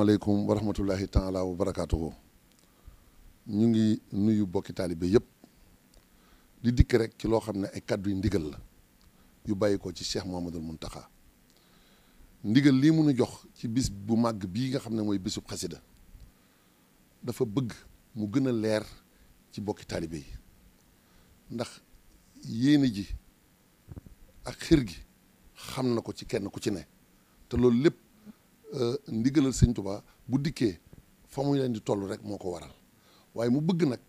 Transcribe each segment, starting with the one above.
aleykum wa rahmatullahi taala wa barakaatuhu ñu ngi nuyu bokki taalibe yépp li dikk rek ci loo xam ne ay kàddu yu ndigal la yu bàyyi ko ci Cheikh Mouhamadoul Mountakha ndigal lii munu jox ci bis bu màgg bii nga xam ne mooy bisub xasida dafa bëgg mu gën a leer ci bokki taalibe yi ndax yéene ji ak xir gi xam na ko ci kenn ku ci ne te loolu lépp euh, ndigalal sëñ Tuubaa bu dikkee fa muy leen di toll rek moo ko waral waaye mu bëgg nag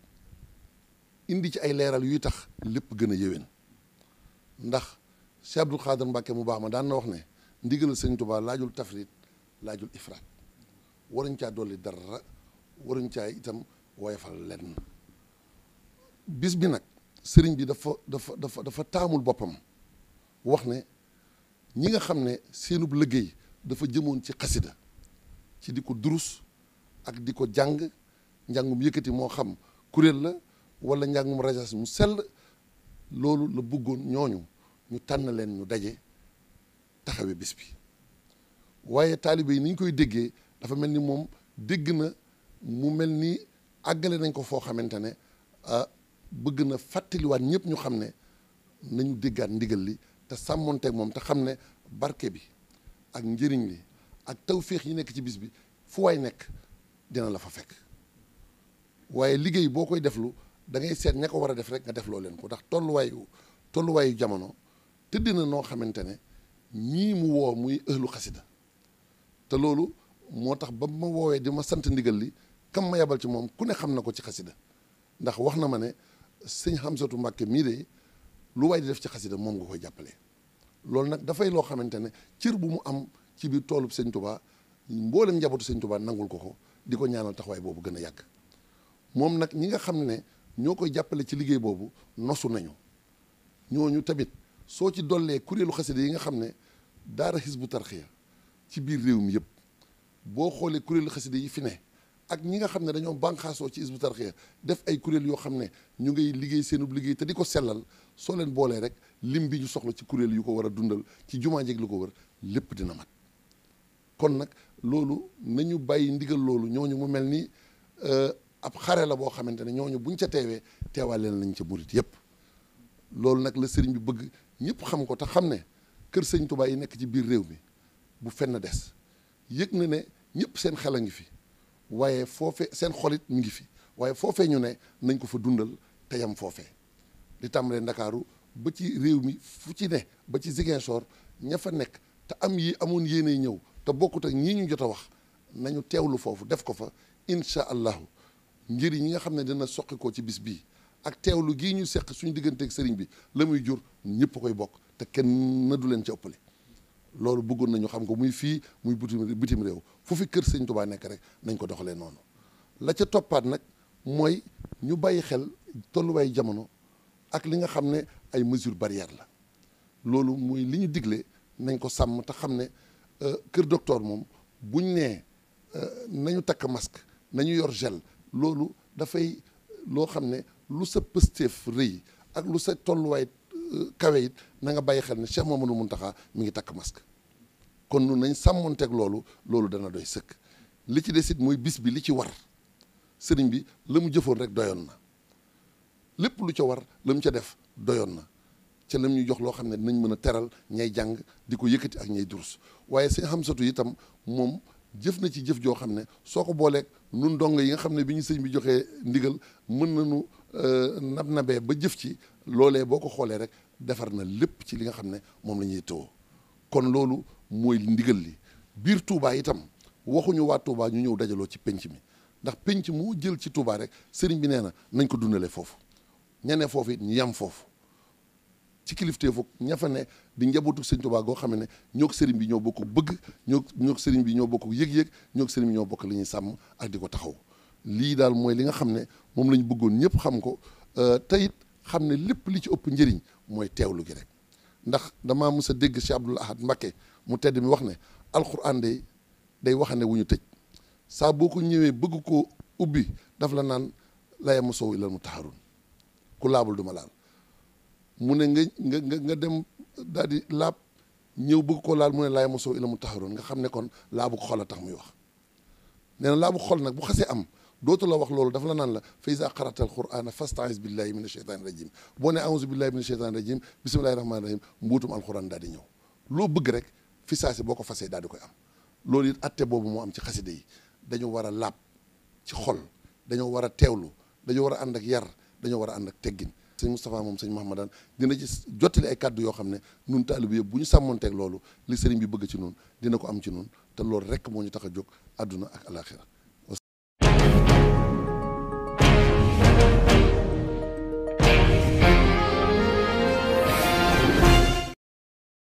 indi ci ay leeral yuy tax lépp gën a yéwén ndax Cheikh Abdou Khader Mbacke mu baax ma daan na wax ne ndigalal sëñ Tuubaa laajul tafrit laajul ifraat waruñ caa dolli dara waruñ caa itam woyofal lenn bis bi nag sëriñ bi dafa dafa dafa dafa taamul boppam wax ne ñi nga xam ne seenub liggéey dafa jëmoon ci xasida ci di ko durus ak di ko jàng njàngum yëkkati moo xam kuréel la wala njàngum rajas mu sell loolu la bëggoon ñooñu ñu tànn leen ñu daje taxawe bis bi waaye taalibe yi ni ñu koy déggee dafa mel ni moom dégg na mu mel ni àggale nañ ko foo xamante ne bëgg na fàttaliwaat ñëpp ñu xam ne nañu déggaat ndigal li te sàmmonteeg moom te xam ne barke bi ak njëriñ li ak tawféex yi nekk ci bis bi fu waay nekk dina la fa fekk waaye liggéey boo koy deflu da ngay seet ña ko war a def rek nga def loo leen ko ndax tolluwaayu tolluwaayu jamono tëdd na noo xamante ne ñii mu woo muy ëhlu xasida te loolu moo tax ba mu ma woowee di ma sant ndiggal li kam ma yebal ci moom ku ne xam na ko ci xasida ndax wax na ma ne sëñ xam Xamsatu Mbàkke mii de lu waay di def ci xasida moom nga koy jàppale loolu nag dafay loo xamante ne cër bu mu am ci biir toolub sëñ Tuubaa mboolem njabootu sëñ Tuubaa nangul ko ko di ko ñaanal taxawaay boobu gën a yàgg moom nag ñi nga xam ne ñoo koy jàppale ci liggéey boobu nosu nañu ñooñu tamit soo ci dollee kuréelu xasida yi nga xam ne daara bu Tarqiyyah ci biir réew mi yëpp boo xoolee kuréelu xasida yi fi ne ak ñi nga xam ne dañoo bànqaasoo ci Hizbut Tarqiyyah def ay kuréel yoo xam ne ñu ngay liggéey seenub liggéey te di ko sellal soo leen boolee rek lim bi ñu soxla ci kuréel yu ko war a dundal ci jumaa jeeg lu ko wër lépp dina mat kon nag loolu nañu bàyyi ndigal loolu ñooñu mu mel ni euh, ab xare la boo xamante ne ñooñu buñ ca teewee teewaaleel nañ ca murit yëpp loolu nag la sëriñ bi bëgg ñëpp xam ko te xam ne kër sañ Tuubaa yi nekk ci biir réew mi bu fenn des yëg na ne ñëpp seen xel a ngi fi waaye foofe seen xolit mi ngi fi waaye foofee ñu ne nañ ko fa dundal te yam foofe di tàmbalee ndakaaru ba ci réew mi fu ci ne ba ci Ziguinchor ña fa nekk te am yi amoon yéenay ñëw te bokkut ak ñii ñu jot a wax nañu teewlu foofu def ko fa incha allahu njëriñ yi nga xam ne dina soqi ko ci bis bii ak teewlu gii ñu seq suñu digganteeg sëriñ bi la muy jur ñëpp koy bokk te kenn na du leen ci ëppale loolu buggoon nañu xam ko muy fii muy bitim bitim réew fu fi kër sëriñ Tuubaa nekk rek nañ ko doxalee noonu la ca toppaat nag mooy ñu bàyyi xel tolluwaay jamono ak li nga xam ne ay mesures barrières la loolu muy li ñu digle nañ ko sàmm te xam ne euh, kër docteur moom buñ nee euh, nañu takk masque nañu yor gel loolu dafay loo xam ne lu sa pësteef rëy ak lu sa tolluwaay euh, kawe it na nga bàyyi xel ne Cheikh mun Mountakha mu ngi takk masque kon nun nañ sàmmoon teg loolu loolu dana doy sëkk li ci des mooy bis bi li ci war sëriñ bi la mu jëfoon rek doyoon na lépp lu ca war la mu ca def doyoon na ca lam ñu jox loo xam ne dinañ mën a teral ñay jàng di ko yëkkati ak ñay durus waaye sëñ Hamsatu itam moom jëf na ci jëf joo xam ne soo ko booleeg nun dong yi nga xam ne bi ñu sëñ bi joxee ndigal mën nañu euh, nab nabee ba jëf ci loolee boo ko xoolee rek defar na lépp ci li nga xam ne moom la ñuy tëwoo kon loolu mooy ndigal li biir Touba itam waxuñu waa Touba ñu ñëw dajaloo ci penc mi ndax penc mu jël ci Touba rek sëriñ bi nee na nañ ko dundale foofu ñenee foofu it ñu yam foofu ci kilifteefu ña fa ne di njabootu sëñ Tuubaa goo xam ne ñoo ko sëriñ bi ñoo bokk bëgg ñoo ñoo sëriñ bi ñoo bokk yëg-yëg ñoo sëriñ bi ñoo bokk li ñuy sàmm ak di ko taxaw lii daal mooy li nga xam ne moom lañ bëggoon ñëpp xam ko euh, te it xam ne lépp li ci ëpp njëriñ mooy teewlu gi rek ndax damaa mës a dégg Cheikh Abdoul Ahad Mbacké mu tedd mi wax ne alxuraan day day wax ne wu ñu tëj saa boo ko ñëwee bëgg ko ubbi daf la naan la yamasoo illal mutahharun ku laabul du ma laal mu ne nga nga nga dem daal di laab ñëw bëgg ko laal mu ne laay mosoo ila mu taxaroon nga xam ne kon laabu xol a tax muy wax nee na laabu xol nag bu xasee am dootu la wax loolu dafa la naan la fa iza qara'ta alqur'ana fasta'is billahi min asheytani rajim boo ne a'uzu billahi min asheytani rajim bismillahi rahmani rahim mbuutum alquran daal di ñëw loo bëgg rek fi boo ko fasee daadi koy am loolu it atte boobu moo am ci xasida yi dañoo war a laab ci xol dañoo war a teewlu dañoo war a ànd ak yar dañoo war a ànd teggin sëñ Moustapha moom sëñ Mahamadan dina ci jottali ay kàddu yoo xam ne nun taalibe yëpp bu ñu sàmmonteeg loolu li sëriñ bi bëgg ci noonu dina ko am ci noonu te loolu rek moo ñu tax a jóg àdduna ak alaxira